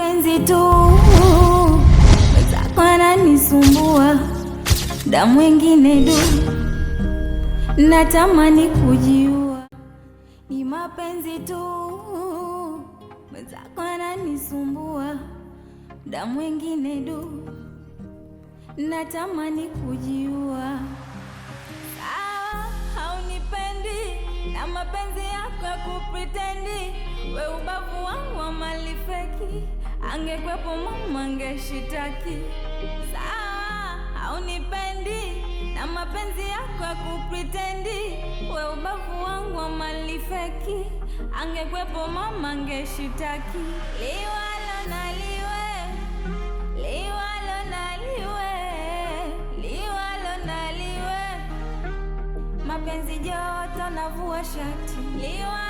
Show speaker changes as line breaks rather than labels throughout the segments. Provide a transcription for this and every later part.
mapenzi tu wezako ananisumbua damu wengine du natamani kujiua ni mapenzi tu wezako ananisumbua damu wengine du natamani kujiua sawa haunipendi na mapenzi yako ya kupritendi we ubavu wangu wa malifeki angekwepo mama angeshitaki. Sawa, haunipendi na mapenzi yako ya kupritendi, we ubavu wangu wa malifeki, angekwepo mama angeshitaki. Liwalo na liwe, liwalo na liwe, liwalo na liwe, mapenzi joto navua shati liwalo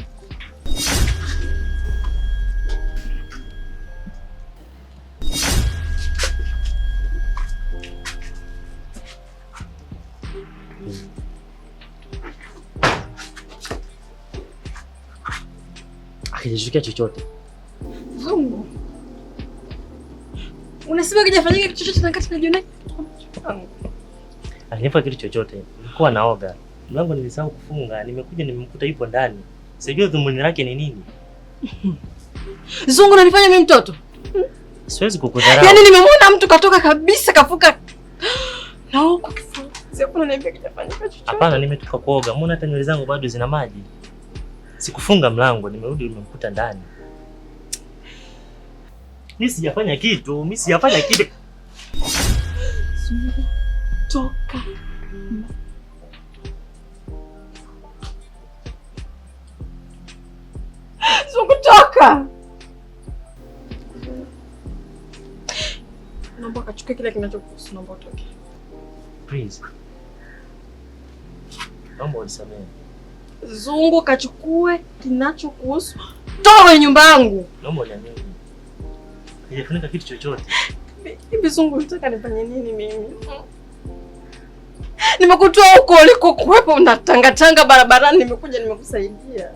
hakijafikia chochote.
Mungu. Unasema kijafanyika kitu chochote na kati na najiona.
Alinipa kitu chochote. Nilikuwa naoga. Mlango nilisahau kufunga. Nimekuja nimemkuta yupo ndani. Sijui dhumuni lake ni nini.
Zungu unanifanya mimi mtoto.
Siwezi kukudharau.
Yaani nimemwona mtu katoka kabisa kafuka. Na huko kifua. Sio kuna niambia kijafanyika chochote.
Hapana, nimetoka kuoga. Mbona hata nywele zangu bado zina maji? Sikufunga mlango, nimerudi nimemkuta ndani. Mi sijafanya kitu, mi sijafanya kitu.
Toka. Zungu toka. Naomba kachukue kile kinachokuhusu, naomba utoke.
Please. Naomba unisamehe.
Zungu kachukue kinachokuhusu, towe nyumba yangu.
Naomba uniambie, sijafunika kitu chochote.
Hivi Zungu, unataka nifanye nini mimi? Nimekutoa huko uliko kuwepo tanga barabarani, nimekuja nimekusaidia.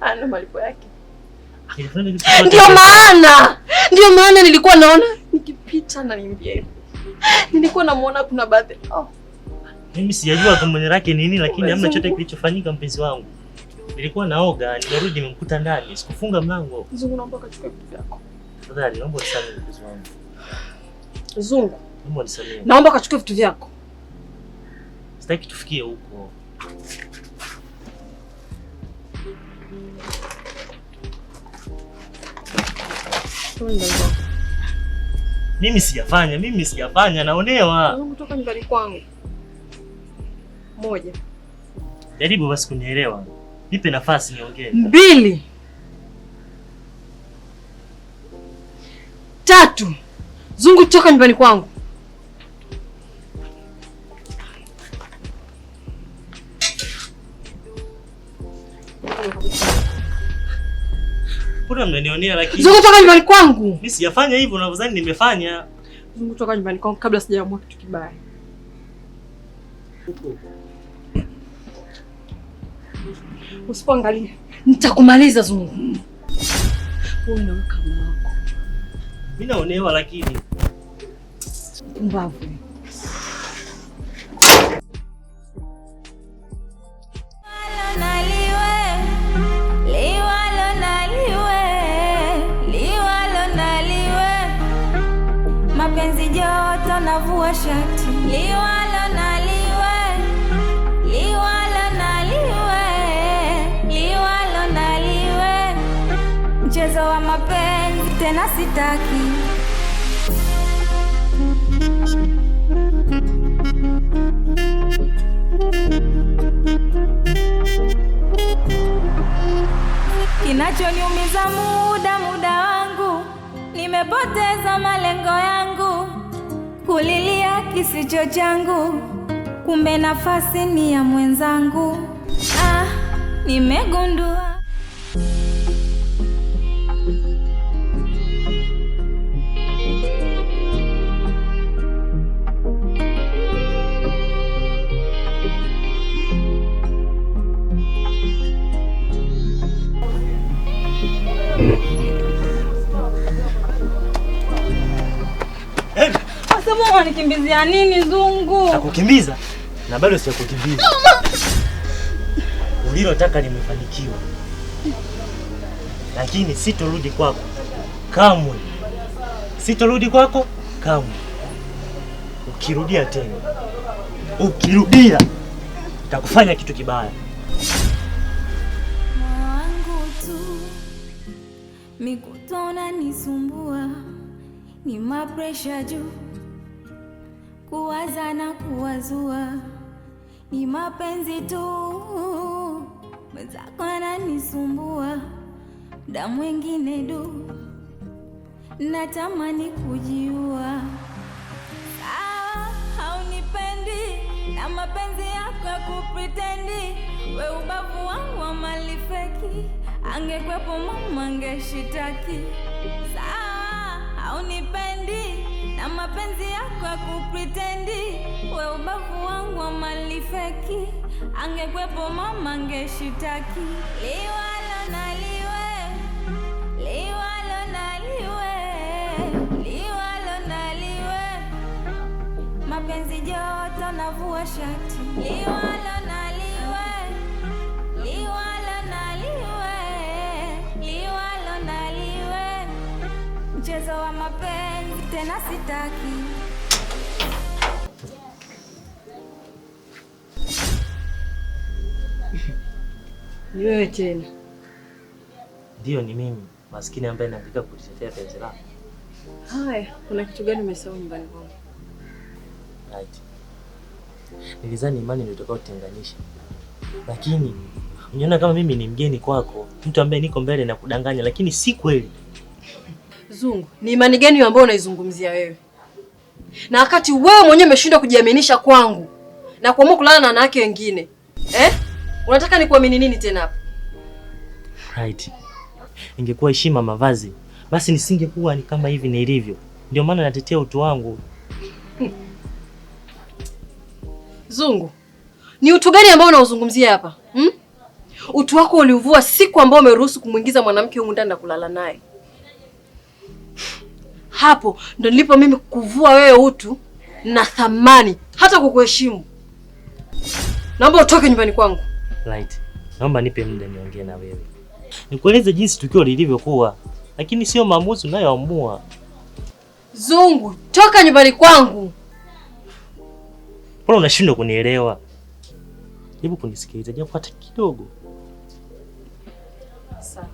Ana malipo yake. Ndio maana ndio maana nilikuwa naona nikipita na nimbie, nilikuwa namuona kuna baadhi oh.
Mimi sijajua dhumuni lake ni nini, lakini hamna chote kilichofanyika mpenzi wangu. Nilikuwa naoga, nimerudi nimemkuta ndani, sikufunga mlango.
Zungu, naomba kachukue vitu vyako.
Tafadhali naomba unisamehe mpenzi wangu. Zungu, naomba unisamehe.
Naomba kachukue vitu vyako.
Sitaki tufikie huko. Mimi sijafanya, mimi sijafanya, naonewa.
Kutoka nyumbani kwangu. Moja.
Jaribu basi kunielewa, nipe nafasi niongee.
Mbili. Tatu. Zungu, toka nyumbani kwangu.
Mbona mnanionea lakini?
Zungu, toka nyumbani kwangu. Mimi
sijafanya hivyo unavyodhani nimefanya.
Zungu, toka nyumbani kwangu kabla sijaamua kitu kibaya. Usipoangalia nitakumaliza Zungu. Wewe na ukama wako.
Mimi naonewa lakini
Mbavu.
Mapenzi joto navua shati. Liwa tena sitaki. Kinachoniumiza muda muda wangu, nimepoteza malengo yangu, kulilia kisicho changu, kumbe nafasi ni ya mwenzangu. Ah, nimegundua
Nakukimbizia nini zungu?
Nakukimbiza na bado sijakukimbiza. Ulilotaka limefanikiwa lakini sitorudi kwako kamwe, sitorudi kwako kamwe. Ukirudia tena, ukirudia takufanya kitu kibaya.
tu mikutona nisumbua, ni mapresha juu kuwaza na kuwazua, ni mapenzi tu mwenzako ananisumbua, mda mwingine du natamani kujiua. Sawa, haunipendi na mapenzi yako ya kupritendi, we ubavu wangu wa mali feki, angekwepo mama angeshitaki. Sawa, haunipendi na mapenzi yako ya kupretendi, we ubavu wangu wa malifeki. Angekwepo mama angeshitaki, liwalo na liwe, na mapenzi joto navua shati, liwalo na tena sitaki.
Ni wewe tena?
Ndio, ni mimi maskini ambaye naandika kulitetea penzi lako.
Haya, kuna kitu gani umesahau nyumbani kwangu?
Right. Nilizani imani ndio itakayotenganisha, lakini uniona kama mimi ni mgeni kwako, mtu ambaye niko mbele na kudanganya, lakini si kweli.
Zungu, ni imani gani ambayo unaizungumzia wewe, na wakati wewe mwenyewe umeshindwa kujiaminisha kwangu na kuamua kulala na wanawake wengine eh? Unataka nikuamini nini tena hapa?
Right. Ingekuwa heshima mavazi, basi nisingekuwa ni kama hivi nilivyo. Ndio maana natetea utu wangu.
Zungu, ni utu gani ambao unauzungumzia hapa hmm? Utu wako uliuvua siku ambao umeruhusu kumwingiza mwanamke humu ndani na kulala naye. Hapo ndo nilipo mimi kuvua wewe utu na thamani, hata kukuheshimu. Naomba utoke nyumbani kwangu.
Right. Naomba nipe muda niongee na wewe, nikueleze jinsi tukio lilivyokuwa, lakini sio maamuzi unayoamua.
Zungu, toka nyumbani kwangu.
Mbona unashindwa kunielewa? Hebu kunisikiliza japo hata kidogo. Sawa.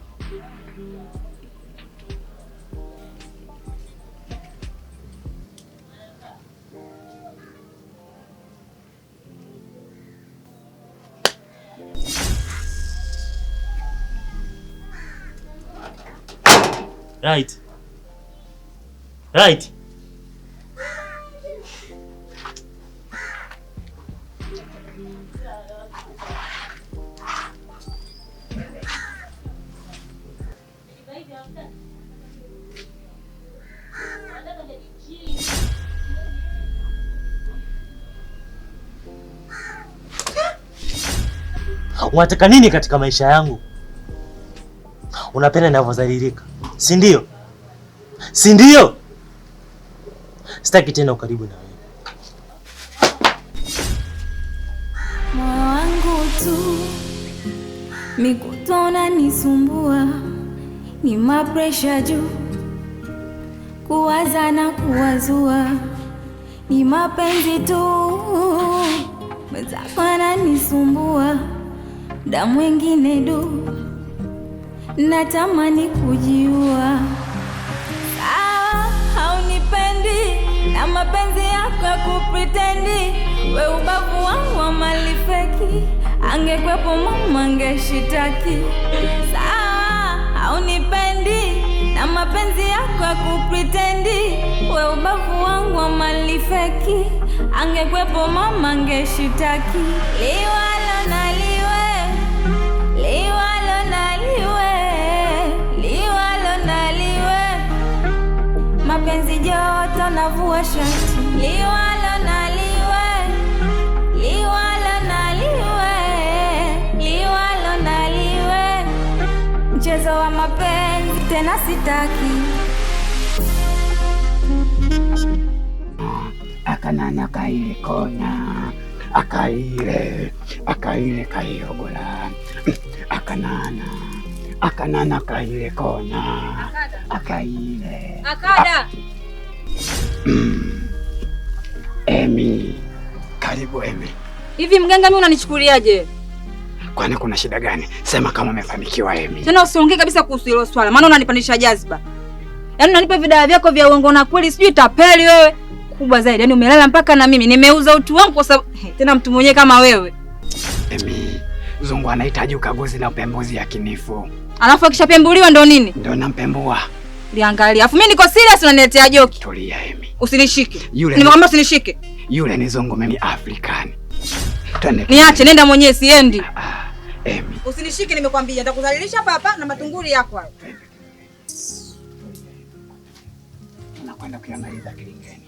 Right. Right. Unataka nini katika maisha yangu? Unapenda ninavyozalilika? si ndio? si ndio? Sitaki tena ukaribu na wewe.
Moyo wangu tu mikutona nisumbua, ni mapresha juu, kuwaza na kuwazua, ni mapenzi tu mezakana nisumbua, damu mwingine du natamani kujua sawa, haunipendi na mapenzi yako ya kupritendi, we ubavu wangu wa mali feki, angekwepo mama angeshitaki. Sawa, haunipendi na mapenzi yako ya kupritendi, we ubavu wangu wa malifeki, angekwepo mama angeshitaki liwa mapenzi joto, na vua shati liwalo na liwe liwalo na liwe liwalo na liwe mchezo wa mapenzi tena sitaki.
akanana kaile kona akaile akaile kaiogola akanana akanana kaile kona akaile
akada
Emi, karibu Emi.
Hivi mganga, mimi unanichukuliaje?
Kwani kuna shida gani? Sema kama umefanikiwa Emi.
Tena usiongee kabisa kuhusu hilo swala, maana unanipandisha jazba. Yaani unanipa vidaa vyako vya uongo na kweli, sijui tapeli wewe. Kubwa zaidi, yaani umelala mpaka na mimi nimeuza utu wangu kwa sababu tena mtu mwenyewe kama wewe.
Emi, Zungu anahitaji ukaguzi na upembuzi yakinifu.
Alafu akishapembuliwa ndo nini?
Ndio nampembua.
Liangalia. Afu mimi niko serious unaniletea joke.
Tulia Emi.
Usinishike. Yule. Nimekwambia usinishike.
Yule ni zongo mimi African. Twende.
Niache nenda mwenyewe siendi. Ah, Emi. Ah, usinishike nimekwambia nitakudhalilisha hapa hapa na matunguri yako hayo.
Unakwenda kuyamaliza kilingeni.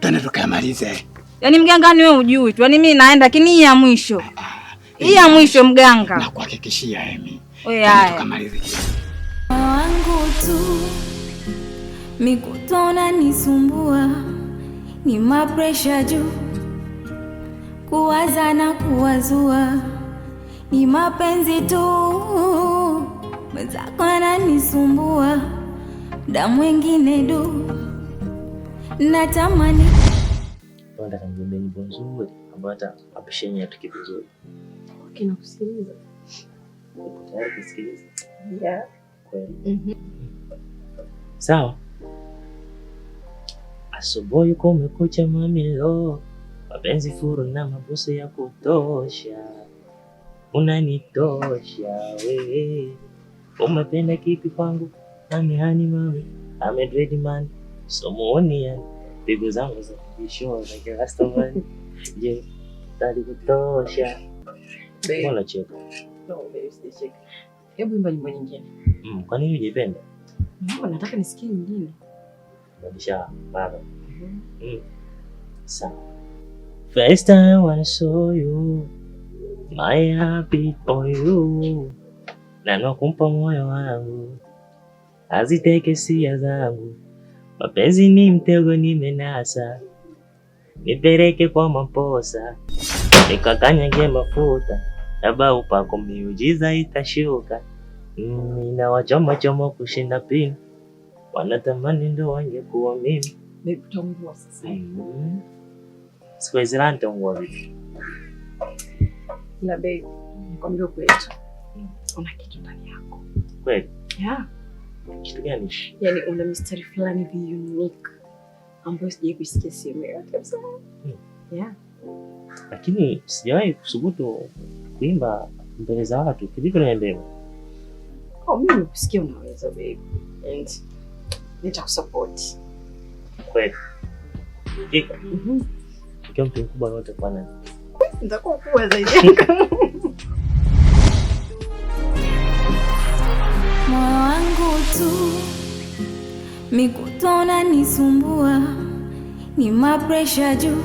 Twende tukayamalize.
Yaani mganga ni yaani wewe ujui tu. Yaani mimi naenda lakini hii ya mwisho. Ah, ah, hii ya mwisho mganga.
Nakuhakikishia Emi. Wewe haya. Tukamalize
tu, mikutona nisumbua, ni mapresha juu, kuwaza na kuwazua, ni mapenzi tu, mwenzako ananisumbua, mda mwingine du natamani
nzuri ambayo hata mapisha yenyewe yatoke vizuri.
Okay, nakusikiliza.
Uko tayari kusikiliza?
Yeah kweli. mm -hmm.
Sawa, asubuhi kumekucha lo, mapenzi furu na mabusu ya kutosha, unanitosha wewe. Umependa kipi kwangu? Mami hani mami amedredi mani somoni yani pigo zangu za za kirastaman Je, talikutosha? Mbona cheka?
cheka. Hebu imba nyimbo nyingine.
Mm, kwa nini unaipenda?
Mbona nataka nisikie nyingine.
Badisha baba. Mm-hmm. Mm. Mm. Sawa. First time when I saw you, my happy for you. Na kumpa moyo wangu. Aziteke hisia zangu. Mapenzi ni mtego ni menasa. Nipeleke kwa maposa. Nikakanyage mafuta. Labda upako miujiza itashuka. Mm, inawachomachoma kushinda pini, wanatamani ndo wangekuwa mimi.
sasa. Mm-hmm.
Siku hizi la nitaungua vipi?
Ila babe, nikwambia kwetu. Mm. una kitu ndani yako kweli. Yeah. Kitu gani? Yani una mistari fulani vi unique ambayo sijawahi kuisikia sehemu yoyote kabisa. Mm. Yeah.
Lakini sijawahi kusubutu kuimba mbele za watu, kilivyo niambewa
kwako mimi nikusikia, unaweza baby, and nitakusupport
kweli. Mhm, ukiwa mtu mkubwa wote kwa nani,
nitakuwa kubwa zaidi
moyo wangu tu mikutona nisumbua, ni mapresha juu,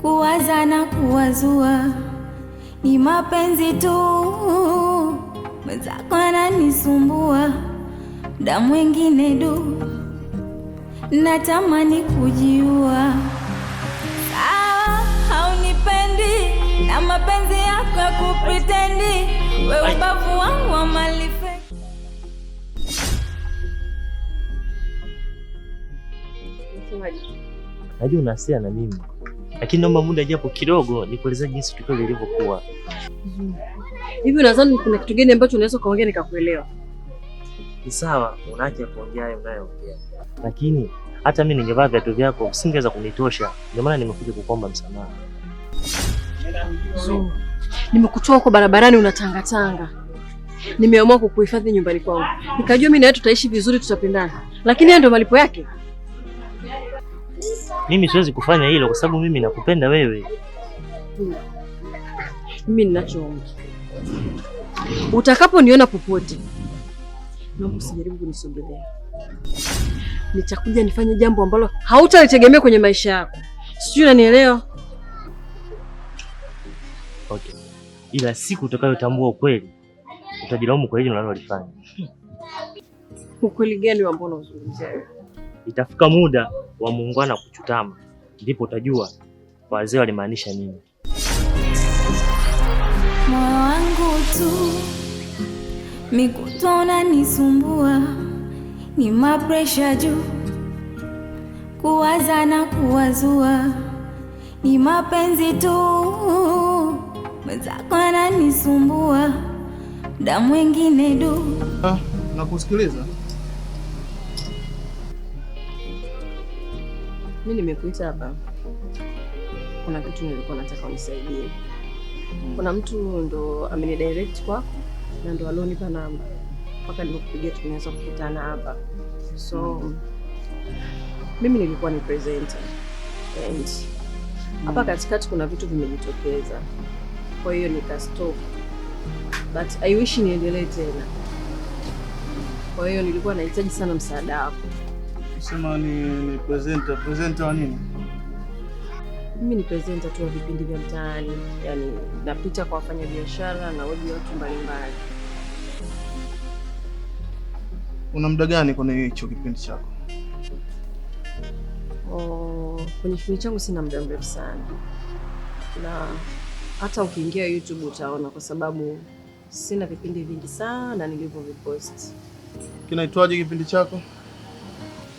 kuwaza na kuwazua, ni mapenzi tu mwenzako ananisumbua, mda mwingine du natamani kujiua. Sawa, haunipendi na mapenzi yako ya kupritendi, we ubavu wangu wa mali
Najua una hasira na mimi lakini naomba muda japo kidogo nikuelezea jinsi tukio lilivyokuwa.
Hivi unadhani kuna kitu gani ambacho unaweza ukaongea nikakuelewa?
Ni sawa, unaacha kuongea hayo unayoongea, lakini hata mimi ningevaa viatu vyako usingeweza kunitosha. Ndio maana nimekuja kukuomba msamaha.
So, nimekutoa huko barabarani unatangatanga, nimeamua kukuhifadhi nyumbani kwangu, nikajua mimi na wewe tutaishi vizuri, tutapendana, lakini hayo ndio malipo yake.
Mimi siwezi kufanya hilo kwa sababu mimi nakupenda wewe.
Mimi ninachoongea Utakaponiona popote, naomba usijaribu kunisogelea. Nitakuja nifanye jambo ambalo hautalitegemea kwenye maisha yako, sijui unanielewa?
Okay. Ila siku utakayotambua ukweli utajilaumu kwa hili unalolifanya.
Ukweli gani ambao unazungumzia?
Itafika muda wa muungwana kuchutama, ndipo utajua wazee walimaanisha nini.
tu, mikutona nisumbua, ni mapresha juu, kuwaza na kuwazua, ni mapenzi tu, mwenzako nisumbua mda mwengine du. Ah,
nakusikiliza.
mi nimekuita hapa, kuna kitu nilikuwa nataka unisaidie. Mm. kuna mtu ndo amenidirect kwako na ndo alionipa namba mpaka nimekupigia, tunaweza kukutana hapa. So mm. mimi nilikuwa ni presenter and hapa mm. katikati kuna vitu vimejitokeza, kwa hiyo nikastop, but I wish niendelee tena. Kwa hiyo nilikuwa nahitaji sana msaada wako.
Sema ni presenter, presenter wa nini?
Mimi ni presenter tu wa vipindi vya mtaani, yani napita kwa wafanyabiashara na wodi watu mbalimbali.
Una muda gani kwenye hicho kipindi chako?
Oh, kwenye kipindi changu sina muda mrefu sana, na hata ukiingia YouTube utaona, kwa sababu sina vipindi vingi sana vipost.
Kinaitwaje kipindi chako?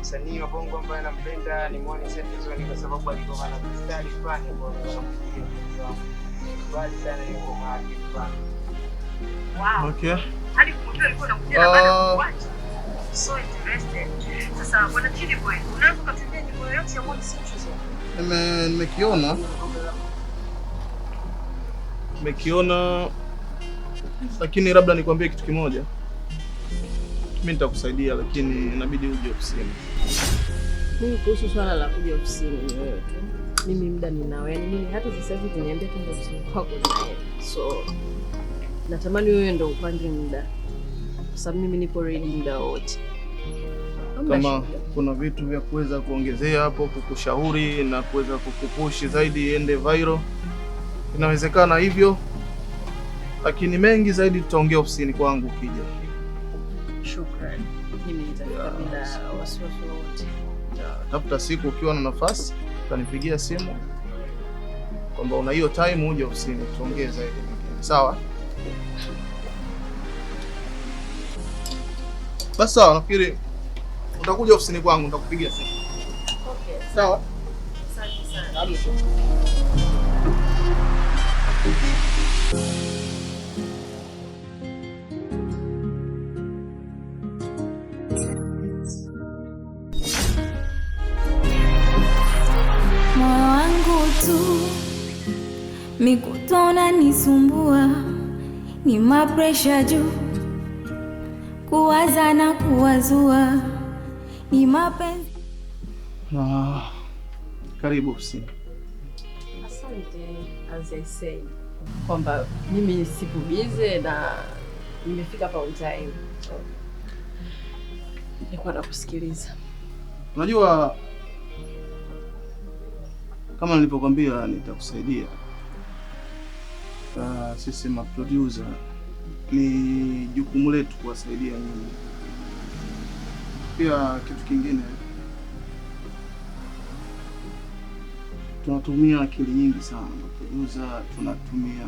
msanii wa bongo ambaye
anampenda ni Moni Sentizoni kwa sababu alikuwa na mistari fulani ambayo anamjia bali sana yuko mahali fulani. Wow. Okay. Hadi kumjua alikuwa anakuja na bado uh, kuacha. So interested. Sasa bwana Chidi boy, unaweza kutumia nyimbo yote ya Mwani Sentizoni? Nime nimekiona. Nimekiona. Lakini labda nikwambie kitu kimoja mimi nitakusaidia, lakini inabidi uje ofisini.
Mimi kuhusu swala la kuja ofisini ni wewe tu, mimi muda ninao. Yani mimi hata sasa hivi kuniambia kwenda ofisini kwako ninaye, so natamani wewe ndo upange muda, kwa sababu mimi nipo ready muda wote
kama kuna vitu vya kuweza kuongezea hapo, kukushauri na kuweza kukupushi zaidi iende viral, inawezekana hivyo, lakini mengi zaidi tutaongea ofisini kwangu ukija. Shukran, Tafuta siku ukiwa na nafasi, utanipigia simu kwamba una hiyo time, uje ofisini tuongee zaidi. Sawa basi, sawa. Nafikiri utakuja ofisini kwangu, nitakupigia simu.
Okay, sawa. Asante sana.
mikutona nisumbua, ni mapresha juu, kuwaza na kuwazua, ni mapenzi.
Ah, karibu si
Asante. As I say kwamba mimi sikubize na nimefika pa on time, nilikuwa nakusikiliza.
Unajua kama nilivyokwambia nitakusaidia uh, sisi ma producer ni jukumu letu kuwasaidia nyinyi. Pia kitu kingine tunatumia akili nyingi sana producer, tunatumia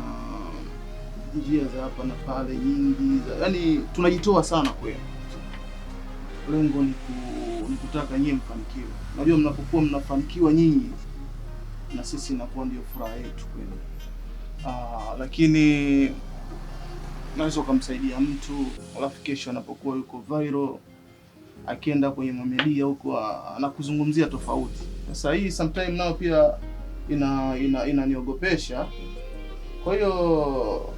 njia za hapa na pale nyingi za, yani tunajitoa sana kwenu. Lengo ni kutaka nyinyi mfanikiwe. Najua mnapokuwa mnafanikiwa nyinyi, na sisi inakuwa ndio furaha yetu kwenu. Ah, lakini naweza ukamsaidia mtu alafu kesho anapokuwa yuko viral akienda kwenye media huko ah, anakuzungumzia tofauti. Sasa hii sometime nayo pia ina inaniogopesha ina, kwa hiyo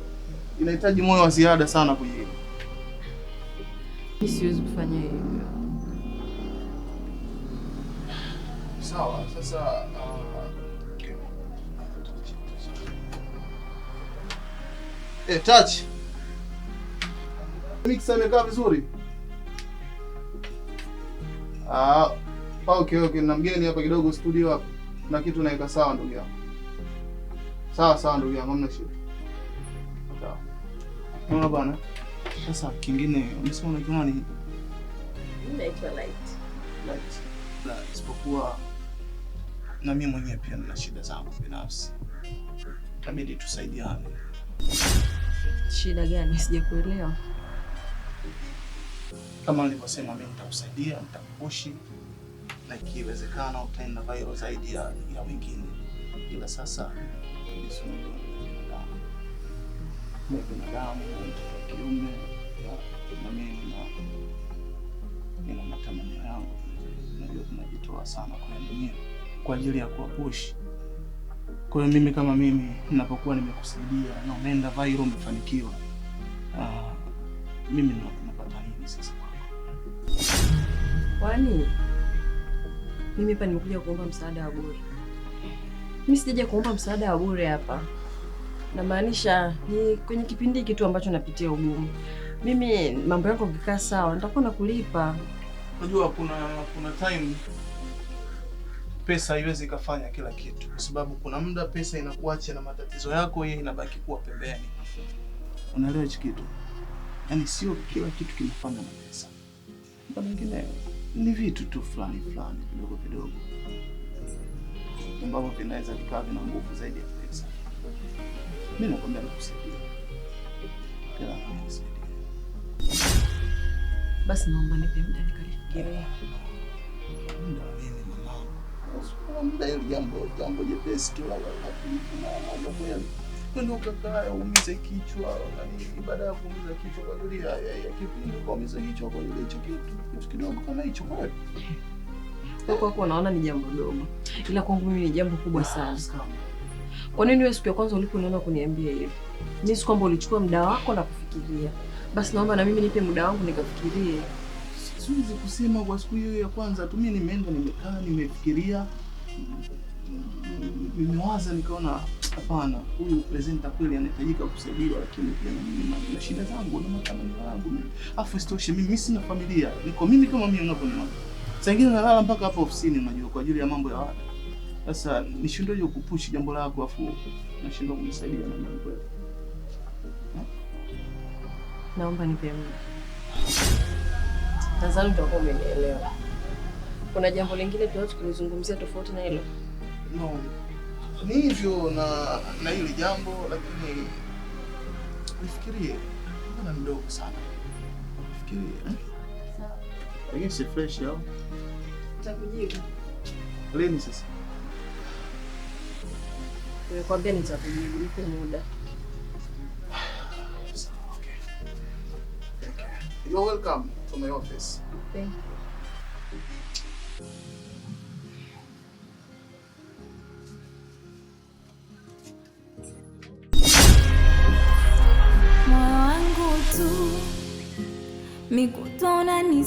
inahitaji moyo wa ziada sana kwenye hilo.
Siwezi kufanya hivyo.
Sawa, sasa uh... Eh, touch. Mixer imekaa vizuri. Ah, okay okay, na mgeni hapa kidogo studio hapa. Na kitu naweka sawa ndugu yangu. Sawa sawa ndugu yangu, hamna shida. Sawa. Mwana bwana? Sasa kingine umesema unaitwa nini?
Unaitwa Light.
Light. Na isipokuwa na mimi mwenyewe pia nina shida zangu binafsi. Itabidi tusaidiane.
Shida gani? Sijakuelewa.
Kama nilivyosema, mimi nitakusaidia, nitakupushi na ikiwezekana utaenda viral zaidi ya ya wengine, ila sasa ni binadamu, mtoto wa kiume, na mimi nina matamanio yangu, najua tunajitoa sana kwa dunia kwa ajili ya kuwapushi kwa hiyo mimi kama mimi ninapokuwa nimekusaidia na umeenda viral umefanikiwa, uh, mimi napata nini sasa kwako?
Kwani mimi hapa nimekuja kuomba msaada wa bure? Mimi sijaja kuomba msaada wa bure hapa, namaanisha ni kwenye kipindi hiki tu ambacho napitia ugumu. Mimi mambo yako kikaa sawa, nitakuwa nakulipa.
Unajua kuna kuna time pesa haiwezi ikafanya kila kitu, kwa sababu kuna muda pesa inakuacha na matatizo yako, yeye inabaki kuwa pembeni. Unaelewa hichi kitu? Yaani sio kila kitu kinafanya na pesa, na mwingine ni vitu tu fulani fulani vidogo vidogo ambavyo vinaweza vikawa vina nguvu zaidi ya pesa. Mimi nakwambia nakusaidia,
basi, naomba nipe muda nikalifikiria
mle jambo jambo jepesi tu, kwenda ukakaa yaumize kichwa nini, baada ya kuumiza kichwa kwa ajili ya kipindi, ukaumiza kichwa kwa ajili hicho kitu kidogo kama hicho kweli
kwako unaona ni jambo dogo, ila kwangu mimi ni jambo kubwa sana. Kwa nini wewe siku ya kwanza ulipoona kuniambia hivi? Ni si kwamba ulichukua muda wako na kufikiria? Basi naomba na mimi nipe muda wangu nikafikirie.
Siwezi kusema kwa siku hiyo ya kwanza tu, mimi nimeenda nimekaa nimefikiria nimewaza nikaona, hapana, huyu presenta kweli anahitajika kusaidiwa, lakini pia na mimi na shida zangu na matamanio yangu. Afu isitoshe mimi sina familia, niko mimi kama mimi unavyoniona, saa ingine nalala mpaka hapa ofisini, unajua kwa ajili ya mambo ya wada. Sasa nishindweje kupushi jambo lako, afu nashindwa kumsaidia na mimi kweli. Eh?
Naomba nipe muda, nadhani utakuwa umenielewa kuna jambo lingine pia kulizungumzia tofauti na hilo?
No, ni hivyo na na hili jambo, lakini nifikirie, ana mdogo sana, nifikirie. Eh? Lakini si fresh au nitakujibu lini sasa?
Nimekwambia nitakujibu, nipe muda.
Okay. Okay. You're welcome to my office.
Thank you.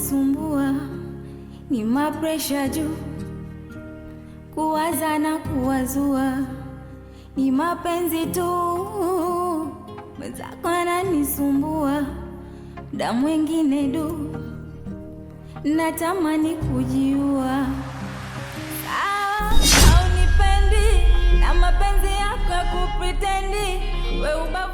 kunisumbua ni mapresha juu, kuwaza na kuwazua ni mapenzi tu, mwenzako ananisumbua mda mwengine du, natamani kujiua. Sawa, na mapenzi yako ya we ubavu